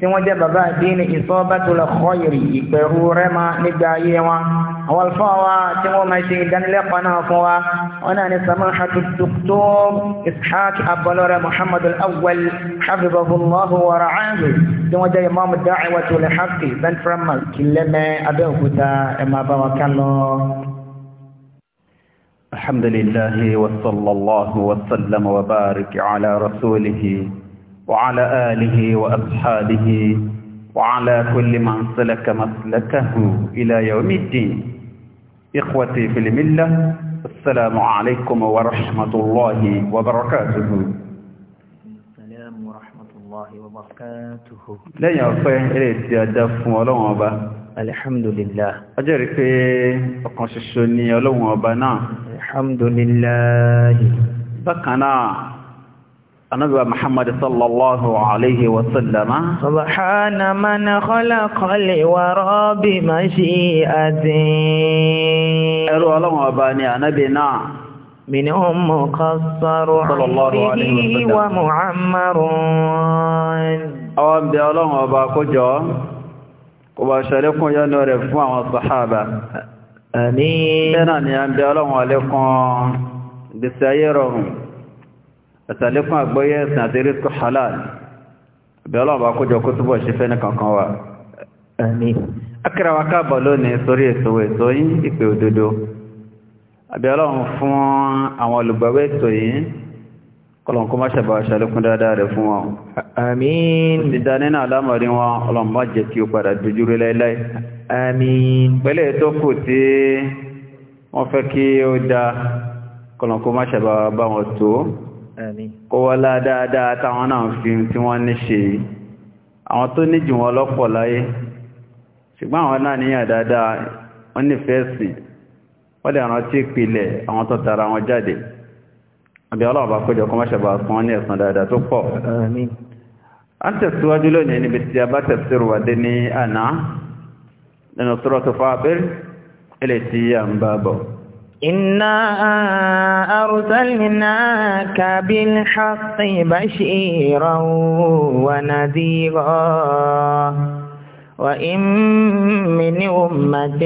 tí wọ́n jẹ́ bàbá àdínì ìsọ́bẹ́tòlẹ̀ kọ́yìrì ìpẹ̀rù rẹ́mà nígbà ayé wa àwọn alfa wa tí wọ́n máa ṣe ìdánilẹ́kọ̀ọ́ náà fún wa wọn náà ní samahatu dr ishaq abọlọrẹ muhammad al-awwal hafizahullahu wa ra'ahu tí wọ́n jẹ́ imam ben haqqi central mosque kìlẹ́mẹ́ abẹ́òkúta ẹ̀ máa bá wa kán lọ. alhamdulillahi wa sallallahu wa sallam wa barik ala rasulihi. وعلى آله وأصحابه وعلى كل من سلك مسلكه إلى يوم الدين إخوتي في الملة السلام عليكم ورحمة الله وبركاته السلام ورحمة الله وبركاته لا يوفين إليه سيادة فمولون أبا alhamdulillah ọjọ́ rí pé ọ̀kan ṣoṣo ni ọlọ́run ọba náà النبي محمد صلى الله عليه وسلم سبحان من خلق الورى بمشيئته ẹ̀rọ ọlọ́run ọba ni ànábì náà منهم مقصر عمره ومعمر àwọn ọmọdé ọlọ́run ọba kójọ kò bá ṣẹlẹ́kùn yọ́nà rẹ̀ fún àwọn sàhábà àmín bẹ́ẹ̀ náà ni a ń bẹ ọlọ́run alẹ́kùn ìgbésí ayé rọrùn ẹ̀sàlékún àgbọ́yé ẹ̀sìn àti rísíkù halal bẹ̀rẹ̀ ọ̀bá kójọ kó túbọ̀ ṣe fẹ́ ní kankan wa ẹ̀mí akẹrẹwà káàbọ̀ lónìí sórí ètò ètò yìí ìpè òdodo àbẹ̀ọ́lọ́run fún àwọn olùgbàwé ètò yìí kọlọ̀nkọ́ má ṣàbà ṣàlékún dáadáa rẹ̀ fún wọn àmín dídá bá wọn tó kó wọ́lá dáadáa táwọn náà fi tí wọ́n ní ṣe àwọn tó ní jù wọn lọ́pọ̀ láyé ṣùgbọ́n àwọn náà níyàn dáadáa wọ́n nífẹ̀ẹ́ sí wọ́n lè rántí ìpìlẹ̀ àwọn tó tara wọn jáde àbí ọlọ́ọ̀bá kójọ kó mọ́ṣẹ̀bà إنا أرسلناك بالحق بشيرا ونذيرا وإن من أمة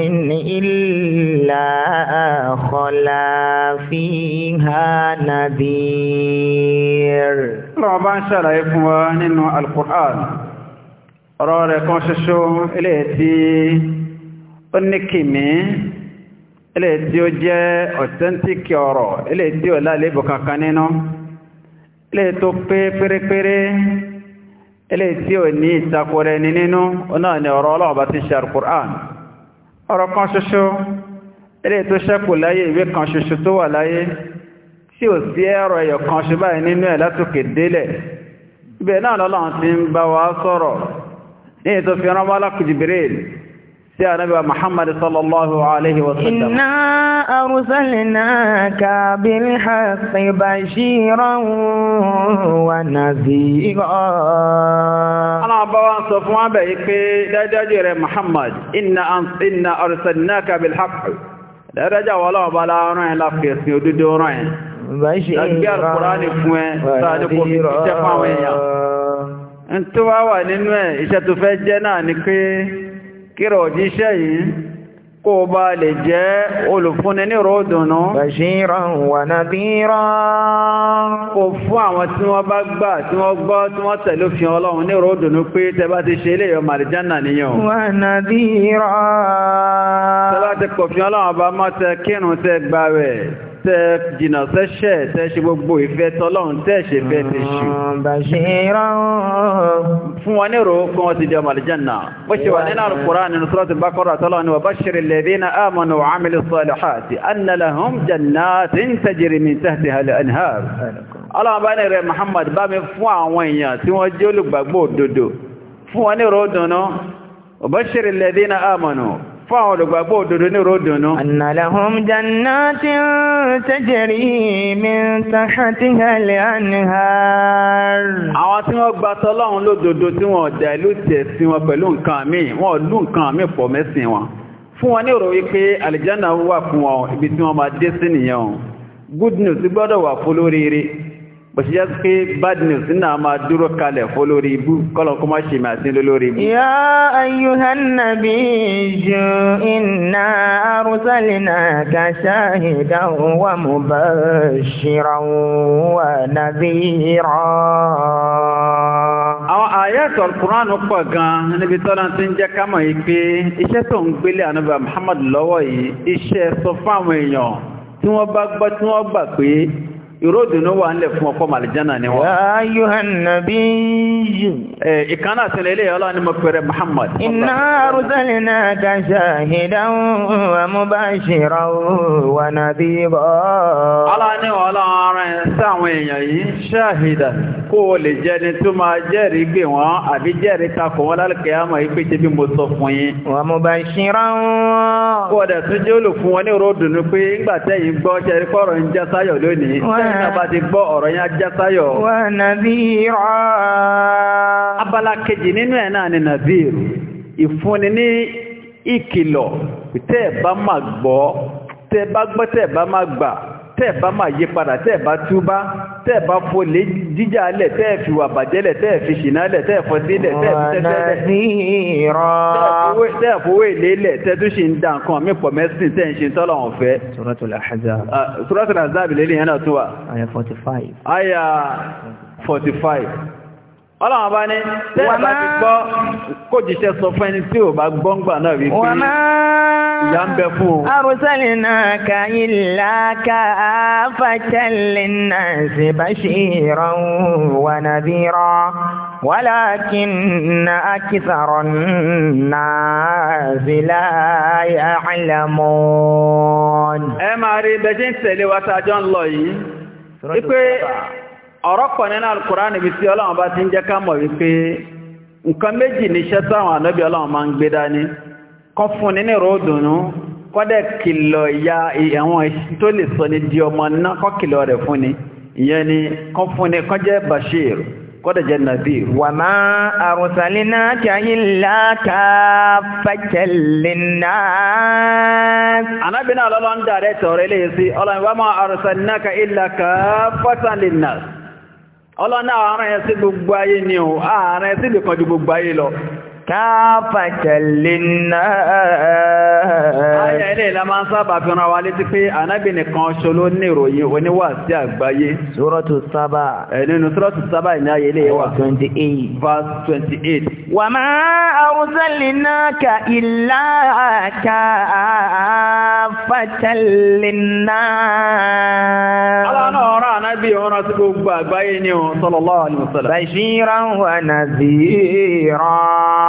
إلا خلا فيها نذير ربا شرع إخوان القرآن رأى لكم ششو إليتي ونكمي Ele tí ó jẹ́ authentic ọ̀rọ̀ ilé tí ó lálébù kankan nínú ele tó pé pérépéré ele tí ó ní ìtakùrẹ ní nínú náà ni ọ̀rọ̀ ọlọ́ọ̀bá ti ṣe Al-Qur'an ọ̀rọ̀ kan ṣoṣo ilé tó ṣẹ́kù láyé ìwé kan ṣoṣo tó wà láyé tí ò sí ẹ̀rọ ẹ̀yọ̀ kan ṣe báyìí nínú ẹ̀ látòkè délẹ̀ ibẹ̀ náà lọ́lọ́run ti ń bá wa sọ̀rọ̀ ní ètò fi rán wá lákùjì سيا نبي محمد صلى الله عليه وسلم إنا أرسلناك بالحق بشيرا ونذيرا أنا أبوان صفوان بيك لا جاجر محمد إنا أرسلناك بالحق لا رجع ولا بلا رأي لا في اسمه بشيرا ونذيرا أنتوا وانين ما إيش kíra òjíṣẹ́ yìí kó bá lè jẹ́ olùfúnni ní ròdùnú bashiran wa nadhiran kó fún àwọn tí wọ́n bá gbà tí wọ́n gbọ́ tí wọ́n tẹ̀lé òfin Ọlọ́run ní ròdùnú pé tẹbá ti ṣe ilé ìyọmà àlìjánà níyàn wa nadhiran tẹbá ti kọ̀fin Ọlọ́run bá mọ́ tẹ kírun tẹ gbààwẹ̀ tẹ jìnà sẹ́ṣẹ̀ tẹ ṣe gbogbo ìfẹ́ tọ́lọ́run tẹ ṣe fẹ́ ti ṣù. Mm, fún wọn ní ro kún wọn ti di ọmọ àlìjánà bó ṣe wà nínú Al-Qur'an nínú Suratul Baqarah tọ́lọ́run wa bashiril ladhina amanu wa amilus salihati anna lahum jannatin tajri min tahtiha al-anhar. ọlọ́run bá ní rẹ̀ Muhammad bá mi fún àwọn èèyàn tí wọ́n jẹ́ olùgbàgbọ́ òdodo fún wọn ní ro dùnú wa bashiril ladhina amanu fún àwọn olùgbàgbọ́ òdodo ní ròdùnú. Ànàlàhùn jàǹnà tí ń tẹ́jẹ̀rí mi ń tàṣà tí hẹlẹ̀ àníhàr. Àwọn tí wọ́n gba tọ́lọ́run lódodo tí wọ́n ọ̀dà ìlú tẹ̀ sí wọn pẹ̀lú nǹkan míì, wọ́n lú nǹkan míì pọ̀ mẹ́sìn wọn. Fún wọn ní ọ̀rọ̀ wípé àlìjánà wà fún wọn ibi tí wọ́n máa dé sí nìyẹn. Good news gbọ́dọ̀ wà fún lóríire bọ̀ṣíyá pé bad news náà máa dúró kalẹ̀ fún lórí ibú kọ́lọ̀kọ́ ṣe máa sí lórí ibú. yá ayyuhan nabiyyu inna arsalnaka shahidan wa mubashiran wa nadhira. àwọn àyàtọ̀ Qur'an pọ̀ gan-an níbi tọ́lá ti ń jẹ́ ká mọ̀ yìí pé iṣẹ́ tó Muhammad lọ́wọ́ yìí iṣẹ́ sọ fáwọn èèyàn tí wọ́n bá ìròdùnú wà ń lẹ̀ fún ọkọ̀ màlìjánà ni wọ́n. ayuhan nabi yu. ẹ ìkànnà sílẹ̀ ilé ọlọ́run ni mo pèrè muhammad. inna arsalnaka shahidan wa mubashiran wa nadhira. aláàánú ọlọ́run sáwọn èèyàn yìí ṣáàhìdà kó o lè jẹ́ ni tó máa jẹ́rìí gbè wọ́n àbí jẹ́rìí takò wọ́n lálùkẹ́ àmọ́ yìí pé tẹ́bí mo sọ fún yín. wa mubashiran. kó o dẹ̀ tún jẹ́ olùfún wọn ní ìròdùnú pé ńgbà tẹ́yìn gbọ́ jẹ́rìí kọ́rọ̀ ń jẹ́ sáyọ̀ lónìí. wọ́n náà bá ti gbọ́ ọ̀rọ̀ yẹn ajásáyọ̀. wà nàbírà. abala kejì nínú ẹ̀ náà ni nàbírù ìfúnni ní ìkìlọ̀ tẹ́ ẹ̀ bá máa gbọ́ tẹ́ ẹ bá gbọ́ tẹ́ ẹ bá máa gbà tẹ́ẹ̀bá máa yí padà tẹ́ẹ̀bá túbá tẹ́ẹ̀bá fòlé jíjà alẹ̀ tẹ́ẹ̀fì wà bàjẹ́lẹ̀ tẹ́ẹ̀fì ṣìnálẹ̀ tẹ́ẹ̀fọ́ sílẹ̀ tẹ́ẹ̀fowó ìlélẹ̀ tẹ́tú ṣe ń da nǹkan mí pọ̀ mẹ́sìn tẹ́ ń ṣe tọ́lọ̀ wọn fẹ́. Suratul Ahzab. Suratul Ahzab lélẹ̀ yẹn náà tún wà. Aya 45. Aya 45 ọlọ́run bá ní tẹ́lẹ̀ bá ti gbọ́ kó jíṣẹ́ sọ fún ẹni tí ò bá gbọ́ngbà náà wípé ìyá ń bẹ fún o. arúsẹ́lẹ̀ náà ka ilá ka àfàtẹ́lẹ̀ náà ṣe bá ṣe ìran wà nàbí rọ wàlákin na akisarọ náà sí láyà àlámọ́. ẹ máa rí bẹ́ẹ̀ ṣe ń tẹ̀lé wa tá a jọ ń lọ yìí. wípé ọ̀rọ̀ pọ̀ nínú alkùránì bí sí ọlọ́run bá ti ń jẹ́ ká mọ̀ wípé nǹkan méjì ní iṣẹ́ táwọn ànábì ọlọ́run máa ń gbé dání kan fún ní ní ròdùnú kọ́dẹ̀ kìlọ̀ ìyá àwọn tó lè sọ ní di ọmọ náà kọ́ kìlọ̀ rẹ̀ fún ni ìyẹn ni kan fún ni kan jẹ́ bashir kọ́dẹ̀ jẹ́ nadir. wà máa àrùsàlínà kí ayé láta fẹ́kẹ̀lẹ́nà. anábìnrin àlọ́lọ́ ń dàrẹ́ tọ̀rọ̀ ọlọ́nà àárín ẹ̀ sí gbogbo ayé ni ò àárín ẹ̀ sí lè kọjú gbogbo ayé lọ káfàtà lè náà. Ayà ilé ìlà máa ń sábà fi ran wa létí pé ànábì nìkan ṣo ló ní ìròyìn oníwà sí àgbáyé. Sọ́rọ̀tù sábà. Ẹ̀nínú sọ́rọ̀tù sábà ní ayé ilé wa. 28. Verse 28. Wà máa arúsẹ́lì náà ka ìlà káfàtà lè náà. Aláàánú ọ̀rọ̀ ànábì ọ̀rọ̀ sí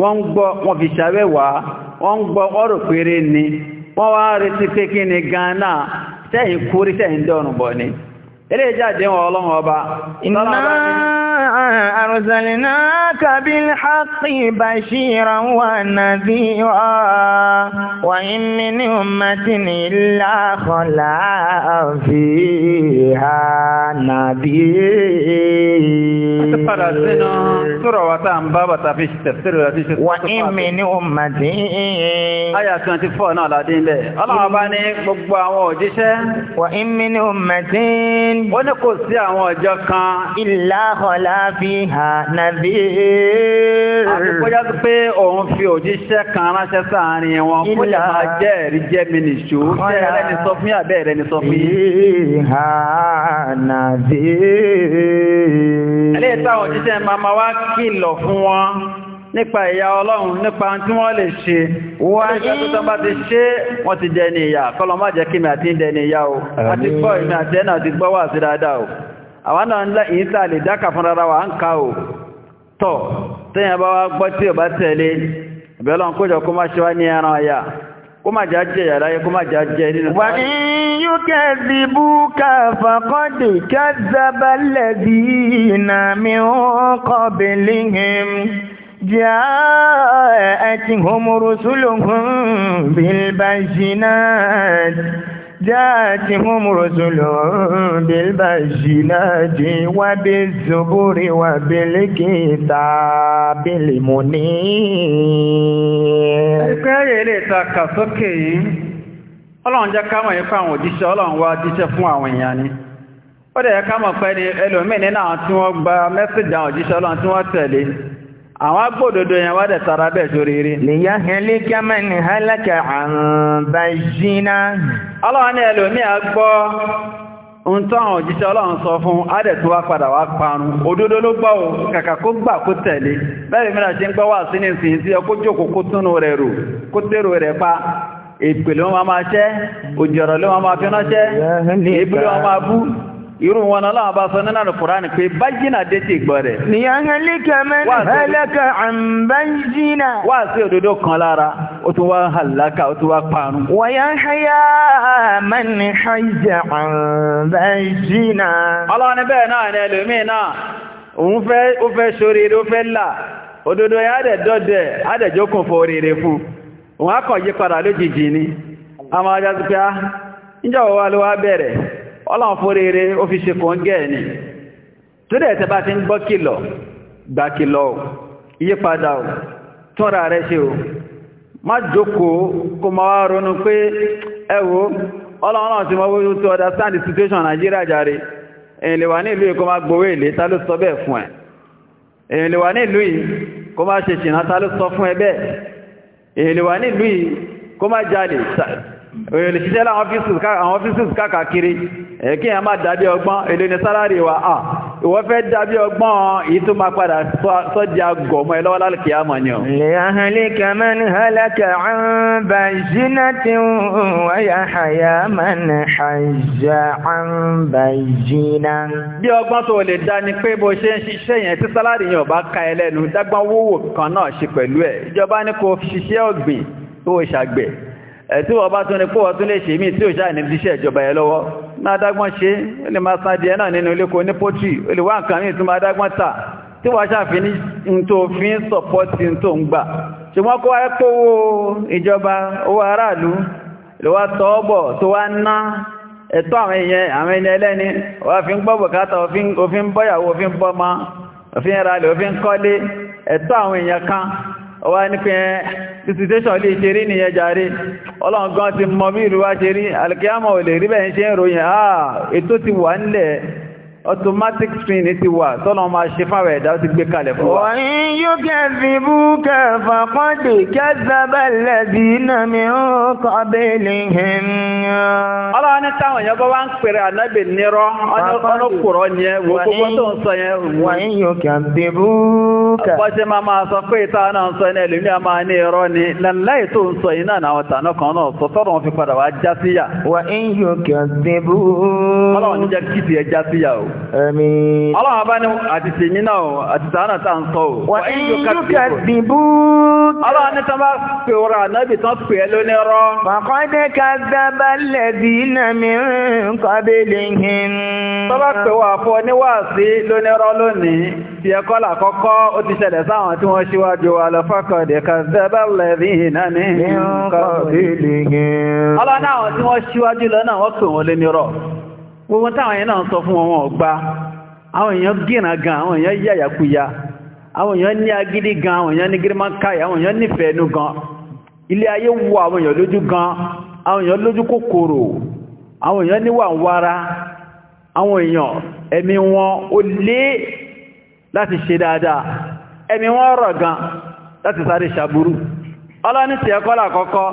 wọ́n gbọ́ wọ́n fi ṣàwẹ́wà wọ́n gbọ́ ọ̀rọ̀ péré ni wọ́n wá retí pé kí ni gánà sẹ́yìn kúrí sẹ́yìn dọ́rùn bọ̀ ni eléjáde wọn ọlọ́run ọba. ìnáà أرسلناك بالحق بشيرا ونذيرا وإن من أمة إلا خلا فيها نذير وإن من أمة Aya 24 náà ládé ń bẹ̀. Ọlọ́run bá ní gbogbo àwọn òjíṣẹ́. Wa in min ummatin. Ó ní kò sí àwọn ọjọ́ kan. Illa khala fi hà nàdír. àtúkọ́já tó pé òun fi òjíṣẹ́ kan ránṣẹ́ sáàrin wọn kó lè máa jẹ́ ẹ̀rí jẹ́ mi nìṣó jẹ́ ẹlẹ́ni sọ fún àbẹ́ ẹ̀rẹ́ ni sọ fún yìí. hà nàdír. ẹlẹ́yìí táwọn òjíṣẹ́ máa máa wá kìlọ̀ fún wọn nípa ìyá ọlọ́run nípa tí wọ́n lè ṣe wọ́n ní tó bá ti ṣe wọ́n ti jẹ ní ìyá kọlọmọ́ jẹ́ kí mi àti ń jẹ ní ìyá o àti gbọ́ ìmì àti ẹ̀nà àti gbọ́wà sí dáadáa o àwọn náà ńlá ìyíta lè dákà fún rárá wa ń ká o tọ́ tẹ́yìn bá wá gbọ́ tí ò bá tẹ̀lé ìbẹ̀lọ́n kójọ kó má ṣe ní ẹran ọ̀yà kó má jẹ́ yàrá yẹ kó má jà jẹ́ nínú جاءتهم رسل بالبشرات وبالزبر وبالكتاب المنير ọlọ́run jẹ́ ká mọ̀ ipá àwọn òjíṣẹ́ ọlọ́run wá jíṣẹ́ fún àwọn èèyàn ni ó dẹ̀ ká mọ̀ pẹ́ ni ẹlòmíì nínú tí wọ́n gba òjíṣẹ́ ọlọ́run tí wọ́n tẹ̀lé àwọn agbódodo yẹn wá dẹ̀ sára bẹ́ẹ̀ sórí rí. lèyà ní hálàkà àǹbáyínà. ọlọ́run ní ń òjíṣẹ́ ọlọ́run sọ fún adẹ̀tú wá padà wá parun òdodo ló gbọ́ o kàkà kó gbà kó tẹ̀lé bẹ́ẹ̀ mìíràn ṣe ń gbọ́ wà sí ní ìsìn irun wọn aláwọ̀ bá sọ nínú Al-Qur'ani pé bájínà dé ti gbọ́ rẹ̀. nìyànjẹ́líkà mẹ́rin hẹ́lẹ́kà àmbájínà. wá sí òdodo kan lára ó tún wá hàlákà ó tún wá parun. wàyáháyá mẹ́ni hajjá àmbájínà. ọlọ́ni bẹ́ẹ̀ náà ni ẹlòmíì náà òun fẹ́ ó fẹ́ ṣoríire ó fẹ́ là òdodo yẹn àdẹ̀dọ́dẹ̀ àdẹ̀jókùn fọ oríire fún òun á kàn yí padà lójijì ni àwọn ajá ọlọ́run fún rere ó fi ṣe kàn gẹ́ ni tó dẹ̀ tẹ́ bá ti ń gbọ́ kìlọ̀ gbà kìlọ̀ ìyípadà ò túnra rẹ̀ ṣe ò má jókòó kó ma wá ronú pé ẹwò ọlọ́run ti mọ́ wọ́n tó the situation Nigeria jàre èyàn lè wà ní ìlú yìí kó má gbowó èlé ta ló sọ bẹ́ẹ̀ fún ẹ èyàn lè wà ní ìlú yìí kó má jalè òyìnbó ṣiṣẹ́ láwọn ọ́fíìsì káàkiri ẹ̀kí ẹ̀ máa dàbí ọgbọ́n èlò ní sálárì wa à ìwọ fẹ́ dàbí ọgbọ́n èyí tó máa padà sọ́dí agọ̀ ọmọ ẹlọ́wọ́ lálùkì àmọ́ ni ọ. lè ahàlẹ́ kàmán hálàkà àǹbà jìnnà tí wọ́n yà hàyà máa ń hàjà àǹbà jìnnà. bí ọgbọ́n tó lè dá ni ẹ̀tí wọ́n bá tún ní pọ́wọ́ tún lè ṣe mí tí ò ṣáà ní iṣẹ́ ìjọba ẹ̀ lọ́wọ́ máa dágbọ́n ṣe ó lè máa sáà díẹ̀ náà nínú iléko ní pọ́tì ó lè wá nǹkan mí tún máa dágbọ́n tà tí wọ́n ṣàfi ní tó fi ń sọ̀pọ́tì tó ń gbà ṣùgbọ́n kó wáyé pówó ìjọba owó aráàlú ló òfin ìsìtéṣọ̀ lè ṣe rí nìyẹn jàre ọlọ́ngán ti mọ bí ìrúwá ṣe rí alìkíyàmọ̀ ò lè rí bẹ́ẹ̀ ṣe ń ròyìn àà ah, ètò ti wà nílẹ̀ automatic screen ti wà tọ́lọ máa ṣe fáwẹ̀ ẹ̀dá ti gbé kalẹ̀ fún wa. wọ́n yóò kẹfì bú kẹfà pọ́ndì kẹsàbẹ̀lẹ̀ bí iná mi ń kọ́bẹ̀lẹ̀ hìn. ọlọ́wọ́ yóò kẹfì bú kẹfà. bọ́sẹ̀ máa máa sọ pé ìta náà ń sọ yẹn ni láláì jẹ́ kìtì ẹ̀ já Àmín. Ọlọ́run bá ní àti tèmi náà àti tàà ń sọ ò. Wà ní yúkà dìbò. Ọlọ́run ní tán bá pè ọ̀rọ̀ ànábì tán pè ẹ lóní rọ́. Fàkọ́dé ká dábà lẹ̀bí náà mi kọ́bí lẹ́yìn. Tán bá pè wà fún oníwàásí lóní rọ́ lónìí. Fi ẹ̀kọ́ làkọ́kọ́ ó ti ṣẹlẹ̀ sáwọn tí wọ́n ṣíwájú wa lọ fàkọ́dé ká dábà lẹ̀bí náà mi kọ́bí lẹ́yìn. Ọlọ́run náà tí wọ́n ṣíwájú lọ náà wọ́n pè wọ́n lóní rọ́. gbogbo táwọn èèyàn náà sọ fún wọn wọn gba àwọn èèyàn gìnà gan àwọn èèyàn yàyàkúya àwọn èèyàn ní agídí gan àwọn èèyàn ní gírímákàyà àwọn èèyàn nífẹ̀ẹ́ inú gan ilé ayé wo àwọn èèyàn lójú gan àwọn èèyàn lójú kòkòrò àwọn èèyàn níwà ń wára àwọn èèyàn ẹ̀mí wọn ó lé láti ṣe dáadáa ẹ̀mí wọn rọ̀ gan láti sáré ṣàbúrú ọlọ́ni tí ẹ̀kọ́ làkọ́kọ́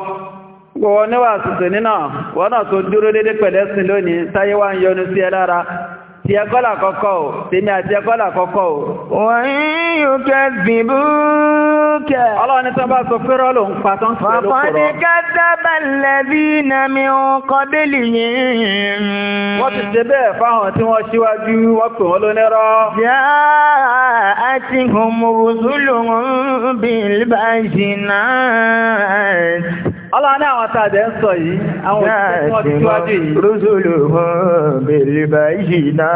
gbogbo níwà tuntun nínà wọ́n náà tó dúró dédé pẹ̀lẹ́sìn lónìí táyé wá ń yọnu sí ẹ lára ti kọ́kọ́ ò tèmi àti ẹkọ́là kọ́kọ́ ò. wọ́n yóò kẹ́ bìbú kẹ́. ọlọ́run ní sábà sọ pé Ọlọ́run àwọn tàbẹ̀ ń sọ yìí, àwọn òṣìṣẹ́wọ́díwájú yìí. Rúsùlù hàn bèèrè báyìí náà.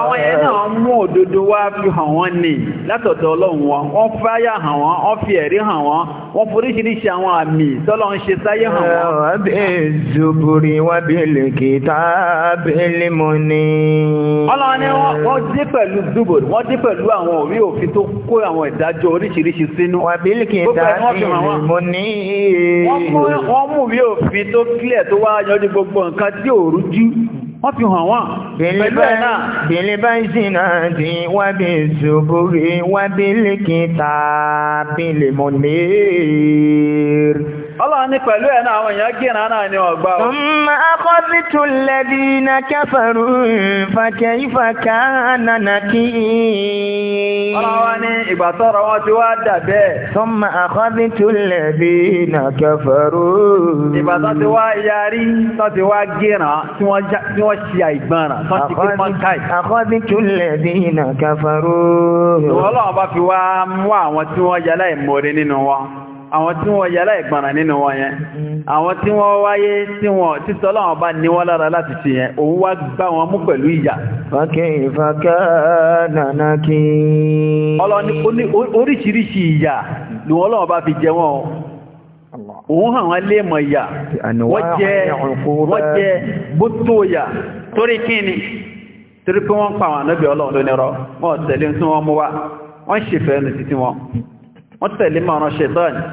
Àwọn yẹn náà mú òdodo wá fi hàn wọ́n ní látọ̀dọ̀ Ọlọ́run wọn, wọ́n fáyà hàn wọ́n, wọ́n fi ẹ̀rí hàn wọ́n, wọ́n foríṣiríṣi àwọn àmì tọ́lọ́ ń ṣe sáyé hàn wọ́n. Wọ́n bẹ̀ zuburi wọ́n bẹ̀ lè kìtà bẹ̀lẹ̀ mọ́ ni. Ọlọ́run ni wọ́n dé pẹ̀lú zuburi, wọ́n dé pẹ̀lú àwọn òrí òfin tó kó àwọn ìdájọ́ oríṣiríṣi sínú. Wọ́n bẹ̀ lè kìtà bẹ̀lẹ̀ mọ́ ni wọ́n mú bí òfin tó kílẹ̀ tó wá yanjú gbogbo nǹkan tí ò rújú wọ́n fi hàn wọ́n pẹ̀lú ẹ̀ náà. bèlè bá ìsìnà tí wá bí ìṣòbórí wá bí lèkìtà bí lèmọ̀nẹ́rì. Allah ní pẹ̀lú ẹ̀nà àwọn èèyàn gìnà náà ni ọgbà ọ̀. Mọ́ akọ́bí tó lẹ́bí na kẹfẹ̀rú fàkẹ́ ìfàkà nánà kí. Ọlọ́wọ́ ní ìgbàtọ́rọ wọn ti wá dàbẹ́. Mọ́ akọ́bí tó lẹ́bí na kẹfẹ̀rú. Ìgbàtọ́ ti wá yarí, tọ́ ti wá gìnà tí wọ́n ṣe àìgbọ́nà, tọ́ ti kí mọ́ntáì. Akọ́bí tó lẹ́bí na kẹfẹ̀rú. Ìwọ́lọ́wọ́ àwọn tí wọ́n yẹlá ìgbọ̀nà nínú wọn yẹn àwọn tí wọ́n wáyé tí wọ́n títọ́ bá ní wọ́n lára láti ṣe yẹn òun wá gbá wọn mú pẹ̀lú ìyà fàkẹ́fàkẹ́ bá fi jẹ wọn òun àwọn ọlọ́run tẹ̀lé tí wọ́n mú wá wọ́n ẹnu títí wọn wọ́n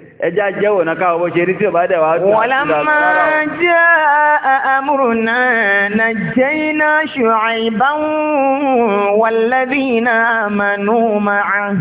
ẹjá jẹ́ òun náà káwọ́ ṣe rí tí ò bá dẹ̀ wá dùn. wọ́n lámà jẹ́ àmúrùnà najjayna Shu'ayban wal ladhina amanu ma'ah.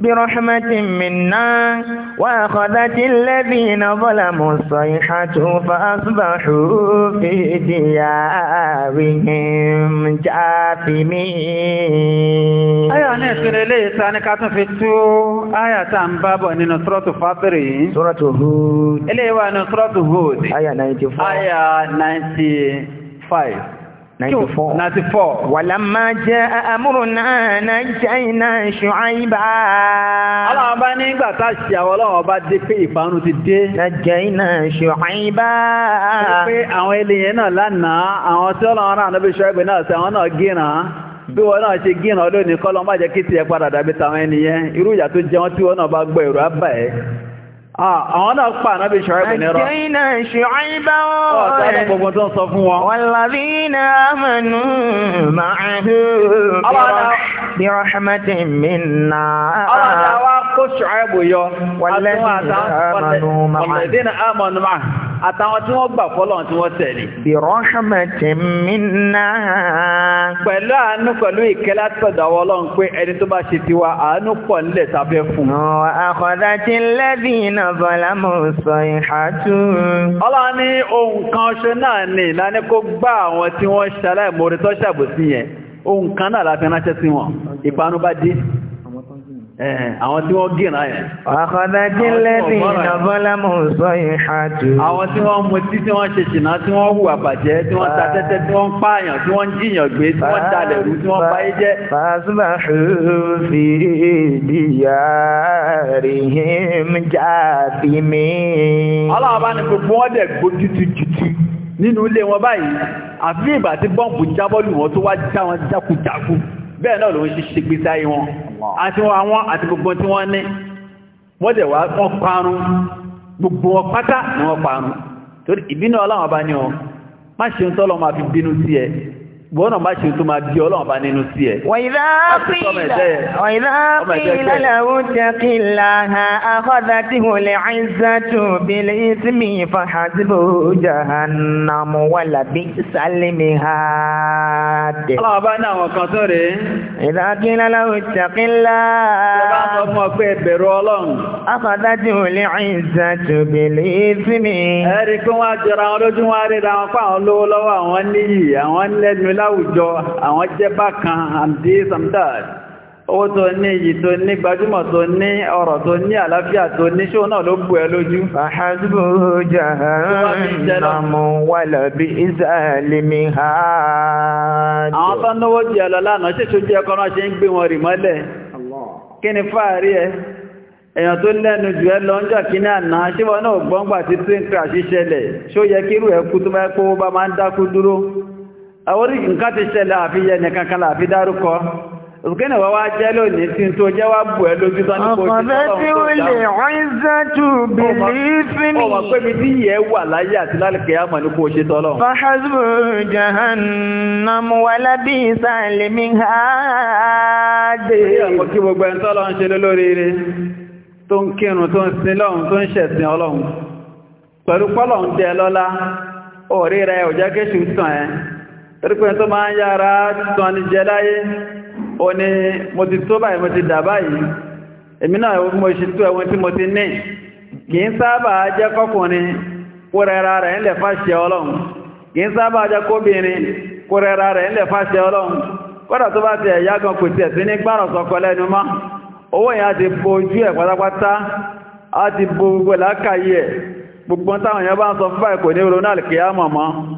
برحمة منا وأخذت الذين ظلموا الصيحة فأصبحوا في ديارهم جاثمين آية نسكن لي ساني كاتن في تو آية تنباب أن نصرة فاطري سورة هود إليه ونصرة هود آية 95 آية 95 ninety four. wàlámà jẹ́ àmúrò náà nàìjíríà iná ṣùáìbá. ọlọ́run bá nígbà tá a ṣe àwọn ọlọ́run bá dé pé ìparun ti dé. nàìjíríà iná ṣùáìbá. pé àwọn eléyẹn náà lánàá àwọn tí ọlọ́run rán ànábì ṣọ́ẹ́gbẹ̀ náà sí àwọn náà gíràn bí wọn náà ṣe gíràn lónìí kọ́ lọ́n bá jẹ́ kí tiẹ̀ padà dàbí tàwọn ẹnìyẹn irú ìyà jẹun tí wọn náà bá gbọ́ ìrù Ah, àwọn náà pa ànábì ṣọ́ẹ́bù nírọ̀. àjẹ́nà ṣọ́ẹ́bà wọn. ọ̀sán gbogbo tó ń sọ fún wọn. wàlàbí náà mẹ́nu máa hù. bí rahmatu minna. ọ̀rọ̀ ni àwa kó ṣọ́ẹ́bù yọ. wàlàbí náà mẹ́nu máa hù àtàwọn tí wọ́n gbà fọ́lọ́run tí wọ́n tẹ̀lé. bi rahmatin minna. pẹ̀lú àánú pẹ̀lú ìkẹ́lá tọ̀dọ̀ àwọn ọlọ́run pé ẹni tó bá ṣe tiwa àánú pọ̀ nílẹ̀ sábẹ́ fún. akhadhati alladhina zalamu sayhatu. ọlọ́run ní ohun kan ṣe náà ní ìlànà kó gbá àwọn tí wọ́n ṣaláìmọ̀rẹ́tọ́ ṣàbòsí yẹn ohun kan náà láti ránṣẹ́ sí wọn ìpanu bá dé àwọn tí wọ́n gìnà ẹ̀. àkọ́dájí lẹ́bí ìnàbọ́lámù sọ ìhàtù. àwọn tí wọ́n mú tí tí wọ́n ṣe ṣìnà tí wọ́n hùwà bàjẹ́ tí wọ́n ta tí wọ́n pààyàn tí wọ́n jìyàn tí wọ́n dalẹ̀ rú tí wọ́n báyé jẹ́. fàṣùbàṣù fi ìdíyà rìhìm jáàbí mi. ọlọ́run bá gbogbo wọn dẹ̀ gbójú tututu nínú ilé wọn báyìí àfi bẹ́ẹ̀ náà lòun ṣe ṣe gbèsè ayé wọn àti wọn àwọn àti gbogbo tí wọ́n ní wọ́n dẹ̀ wá wọ́n parun gbogbo wọn pátá ni wọ́n parun torí ìbínú ọlọ́run ọba ni ọ má ṣe ń tọ́lọ́ máa fi bínú sí ẹ gbọ́nà má ṣe tó máa bí ọlọ́run bá nínú sí ẹ̀. wàyílá fìlà làwọn jẹ́kí láha àkọ́dá tí mo lè ṣíṣà tó bèèrè sí mi fàhà tí mo jà hànàmù wà lábí sálẹ̀mì ha dẹ̀. ọlọ́run bá ní àwọn kan tó rèé. ìlà kí lálàwọ̀ jẹ́kí láha. ọba sọ fún ọ pé ẹbẹ̀rù ọlọ́run. àkọ́dá tí mo lè ṣíṣà tó bèèrè láwùjọ àwọn jẹ́ bákan and this and owó tó ní iyì tó ní gbajúmọ̀ tó ní ọ̀rọ̀ tó ní àlàáfíà tó ní ṣó náà ló bù ẹ lójú. àwọn tó náwó jẹ lọ lánàá ṣèṣojú ẹkọ náà ṣe ń gbé wọn rì mọ́lẹ̀ kí ni ẹ èèyàn tó lẹ́nu jù ẹ lọ ń jà kí ní àná ṣíwọ náà gbọ́ngbà tí tí ń kà ṣíṣẹlẹ̀ ṣó yẹ kírù ẹkú tó máa ń dákú dúró àwọn nǹkan ti ṣẹlẹ̀ àfihàn nìkan kan láàfi dárúkọ òkèèna wà wá wa lónìí tí tó jẹ́ wá bù ẹ lójú tó ní kò tí tọ́lọ̀ tó dáa ọmọ pé mi tí yẹ wà láyé àti lálùkẹ́ àmọ́ ní kò ṣe tọ́lọ̀. fahasbu jahannamu ha gbogbo sin torípé tó máa ń yára ní jẹ láyé o ni mo ti tó báyìí mo ti dà báyìí èmi náà mo ṣe tó ẹwọ́n tí mo ti ní kì í sábà jẹ́ kọkùnrin kó rẹ̀ ń lẹ̀ fàṣẹ ọlọ́run kì sábà jẹ́ kóbìnrin rẹ̀ ń lẹ̀ fàṣẹ ọlọ́run tó bá ti ẹ̀yá gan kò ti bo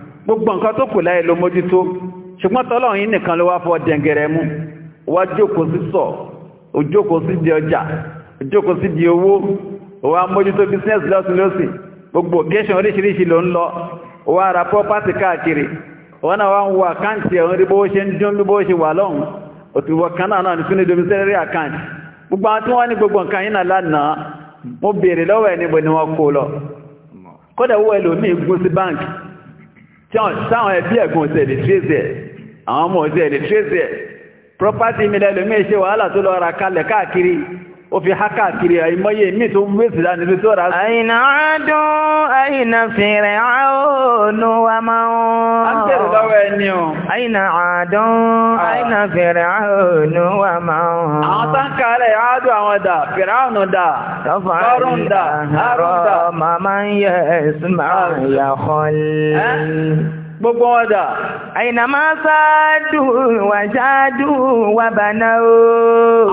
gbogbo nǹkan tó kù láyé ló mójútó ṣùgbọ́n tọ́lọ́run yìí nìkan ló wá fọ́ dẹ̀ngẹ̀rẹ̀ mú wá jókòó sí sọ òjókòó sí di ọjà òjókòó sí di owó òwá mójútó business lọ́sùn lọ́sì gbogbo occasion oríṣiríṣi ló ń lọ òwá ara property káàkiri òwá náà wá ń wo àkáǹtì ẹ̀hún rí bówó ṣe ń dún bí bówó ṣe wà lọ́hùn òtùwọ̀ kan náà náà ní sínú domiciliary account gbogbo àwọn tí wọ́n ní gbogbo nǹkan yìí náà lánàá mo béèrè lọ́wọ́ ẹ̀ níbo ni wọ́n kó lọ kódà owó ẹlòmíì gún sí báǹkì táwọn ẹbí ẹ̀gbọ́n ọ̀sẹ̀ lè tírèsì ẹ̀ àwọn ọmọ ọ̀sẹ̀ lè tírèsì ẹ̀ property mi lẹ́lòmí ṣe wàhálà tó lọ ra kalẹ̀ káàkiri ó fi hákà kiri àìmọ́yé mí tó ń gbèsè láti fi tó rà sí. àìnà àádùn àìnà fèrè àónú wa máa ń. a ń tẹ̀lé lọ́wọ́ ẹni o. àìnà àádùn àìnà fèrè àónú wa máa ń. àwọn táǹkà àádùn àwọn dà fèrè àónú dà lọ́rùn dà àárọ̀ màmá ń yẹ ẹ̀sùn máa ń yà kọ́lé gbogbo ọ̀dà. àyìnà máa sáádù wà sáádù wà bàná o.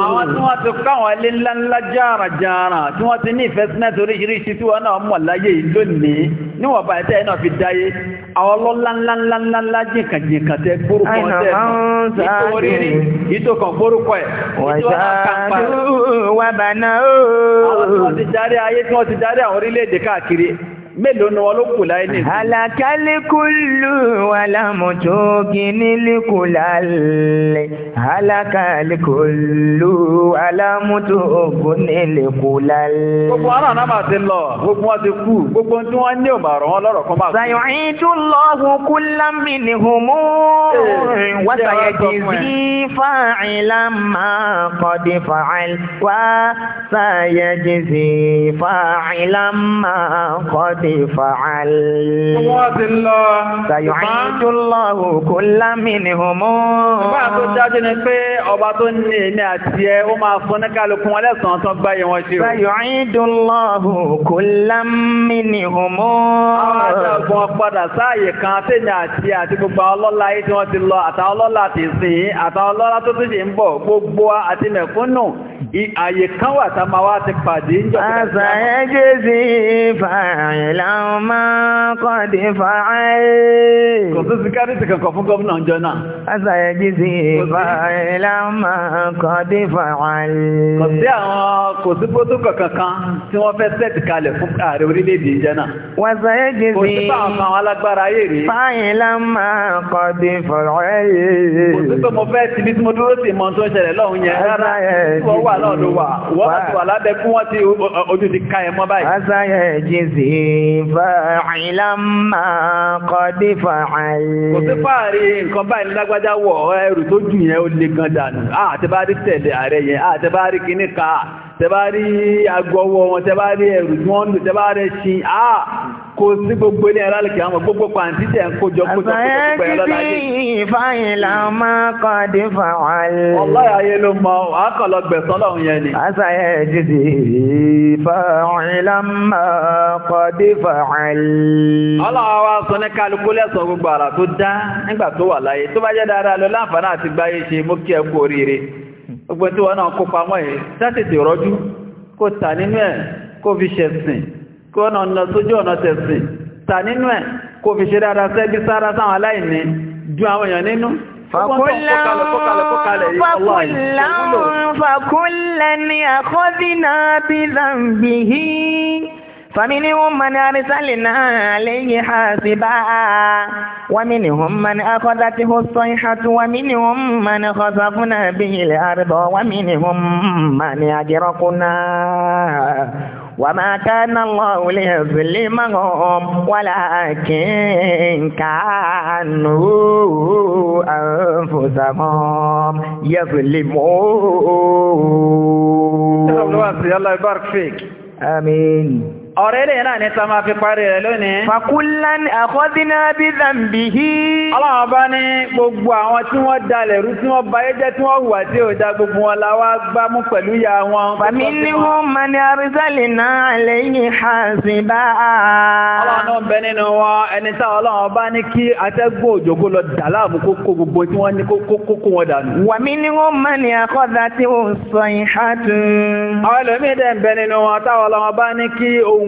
àwọn tí wọ́n ti káwọn ilé ńláńlá jàràjàrà tí wọ́n ti ní ìfẹ́sínẹ́tì oríṣiríṣi tí wọ́n náà mọ̀ láyé yìí lónìí níwọ̀n báyìí tẹ́ ẹ̀ náà fi dáyé àwọn ọlọ́láńláńláńlá jìnkànjìnkàn tẹ gbórúkọ tẹ mélòó ni wọn ló kù láyé nìyí. àlàkálí kúlù alámọ̀jọ́ gínílì kù lálẹ́ àlàkálí kúlù alámọ̀jọ́ gínílì kù lálẹ́. gbogbo wọn náà máa ti lọ gbogbo wọn ti kú gbogbo tí wọn ní ò bá wọn lọ́rọ̀ kan máa sàyọ̀hìn tún lọ hun kúlámì ní humú wàsàyẹ̀dìsí fàáìlà máa kọ́dí fàáìl wá sàyẹ̀dìsí fàáìlà máa kọ́dí. فعل سيعيد الله كل منهم Ìgbà tó dájú ni pé ọba tó ní èmi àti ẹ, ó máa fún ní kálukú wọn lẹ́sàn-án tán gbáyé wọn ṣe. سيعيد الله كل منهم. Àwọn àjọ ọgbọ̀n padà sáàyè kan tèmi àti àti gbogbo ọlọ́lá yìí tí wọ́n ti lọ, àtàwọn ọlọ́lá ti sìn, àtàwọn ọlọ́lá tó tún ṣe ń bọ̀, gbogbo àti mẹ̀kúnnù ààyè kan wà tá máa wá ti pàdé ń jọ àṣàyẹ́ jésì fàìlàun máa kọ́ di fàáyé kò tún sí kárìtì kankan fún gómìnà ọjọ́ náà àṣàyẹ́ jésì fàìlàun máa kọ́ di fàáyé kò sí àwọn kò sí pótókọ̀ kankan tí wọ́n fẹ́ sẹ́ẹ̀tì kalẹ̀ fún ààrẹ orílẹ̀-èdè ìjẹ́ náà wàṣàyẹ́ jésì kò sí fáwọn àwọn alágbára ayé rí fàìlàun máa kọ́ di fàáyé kò sí pé mo fẹ́ ti bí tí mo dúró sí mọ́ tó ń ṣẹlẹ̀ lọ́hùn yẹn rárá wà náà ló wà wọ́n ti wà lábẹ́ fún wọ́n ti ojú ti ká ẹmọ́ báyìí. asáyẹ̀ jíǹsì fàáìlà máa kọ́ dé fàáìlì. kò sí fàárí nǹkan báyìí lágbájá wọ̀ ẹrù tó jù yẹn ó le gan dànù àtẹ́bárí tẹ̀lé ààrẹ yẹn àtẹ́bárí kíní ká tẹ́bárí agbọ́wọ́ wọn tẹ́bárí ẹrù tí wọ́n lò tẹ́bárí ṣin kò sí gbogbo ní ẹ̀rọ àlùkè àwọn gbogbo pàǹtí tẹ̀ ń kójọ kójọ kójọ pẹ̀lú ọ̀la yìí. àbẹ̀yẹ kìí ìfàyìn là máa kọ́ di fàwọn. ọlọ́yà ayé ló mọ àkànlọ gbẹ̀sán lọ́hùn yẹn ni. àṣàyẹ jìdì ìfàyìn là máa kọ́ di fàwọn. ọlọ́wọ́ wa sọ ní kálukú lẹ́sọ̀ gbogbo àrà dá nígbà tó wà láyé tó bá jẹ́ dáadáa lọ láǹfààní àti gbáyé ṣe mú kí ẹ kú oríire gbogbo tí wọn náà kópa mọ́ yìí sátètè rọ́jú kó ta nínú ẹ̀ kó fi ṣẹ̀sìn kí ọ̀nà ọ̀nà sójú ọ̀nà tẹ̀sìn ta nínú ẹ̀ kò fi ṣe dáadáa sẹ́bí sára sáwọn aláìní ju àwọn èèyàn nínú فكلا أخذنا بذنبه فمنهم من أرسلنا عليه حاسبا ومنهم من أخذته الصيحة ومنهم من خسفنا به الأرض ومنهم من أجرقنا وما كان الله ليظلمهم ولكن كانوا أنفسهم يظلمون الله يبارك فيك آمين ọ̀rẹ́ ilẹ̀ náà ní sọmọ fi parí rẹ̀ lónìí. fàkúnlá àkọ́dínà bí zambihi. ọlọ́run bá ní gbogbo àwọn tí wọ́n dalẹ̀ rú tí wọ́n bayé jẹ́ tí wọ́n hùwà tí ò da gbogbo wọn la wá gbá mú pẹ̀lú ya wọn. bàmí ní wọn mọ ní arizali náà lẹ́yìn hasiba. ọlọ́run náà bẹ nínú wọn ẹni tá ọlọ́run bá ní kí atẹ́gùn òjògo lọ dà láàmú kókó gbogbo tí wọ́n ní kókó wọn dànù. wàmí ní wọn mọ ní akọ́dà tí ò sọ ìhàtú. àwọn ẹlòmíì dẹ̀ ń bẹ nínú wọn táwọn ọlọ́run bá ní kí ohun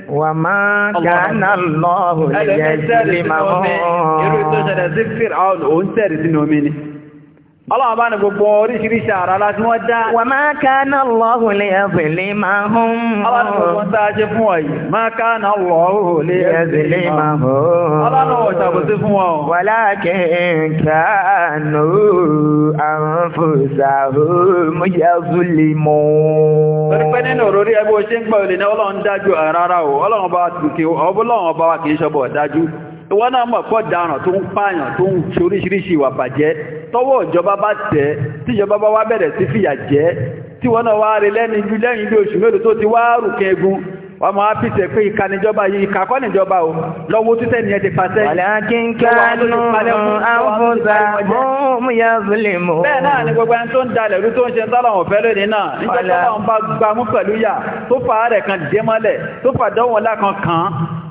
wà máa kàánà lọ́hùn lè yẹ sí lè máa hàn. ẹlẹ́gbẹ̀ẹ́ sẹ́rẹ̀ sí fìrà ọ̀nà òun sẹ́rẹ̀ sínú omi ni. Allah ba ní gbogbo oríṣiríṣi àrá láti wọ́n dá. Wà máa kana Allahu liyazlimahum. Ọlọ́run gbogbo ń tàà ṣe fún ọ yìí. Máa kana Allahu liyazlimahum. Ọlọ́run wọ̀ ṣàbòsí fún ọ. Walakin kanu anfusahum yazlimun. Torí pé nínú òrórí ẹgbẹ́ o ṣe ń gbọ́ olè ní Ọlọ́run dájú àrárá o. Ọlọ́run bá wa kì í ṣọbọ̀ dájú. Ìwọ́n náà mọ̀ pọ̀ dáràn tó tọ́wọ́ ìjọba bá tẹ̀ tíjọba bá wá bẹ̀rẹ̀ sí fìyà jẹ tí wọ́n náà wá rí lẹ́ni ju lẹ́yìn ilé oṣù mélòó tó ti wá rùkẹ́ egun wọ́n máa fi tẹ̀ pé ìka níjọba yìí ìka níjọba o lọ́wọ́ títẹ̀ ní ẹ ti pàṣẹ. wàlákin kánú àwòsà mú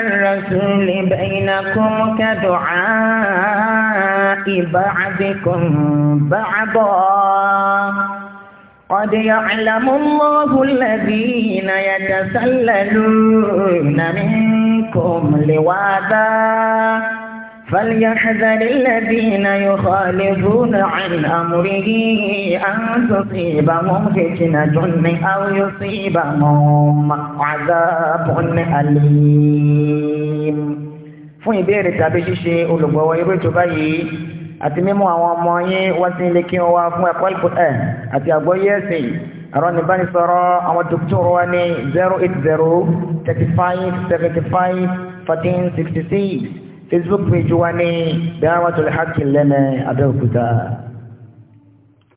الرسول بينكم كدعاء بعضكم بعضا قد يعلم الله الذين يتسللون منكم لواذا فليحذر الذين يخالفون عن أمره أن تصيبهم فتنة أو يصيبهم عذاب أليم fún ìbéèrè tàbí ṣíṣe olùgbọ̀wọ́ irú ètò báyìí àti mímú àwọn ọmọ yín wá sí ilé kí wọ́n wá fún ẹ̀kọ́ ìpò ẹ̀ àti àgbọ́yé ẹ̀sìn ẹ̀rọ níbánisọ̀rọ̀ àwọn dókítọ̀rọ̀ wa ní 080 35 75 14 66 Facebook page wa ní Da'watul Haqqi lẹ́nà Abẹ́òkúta.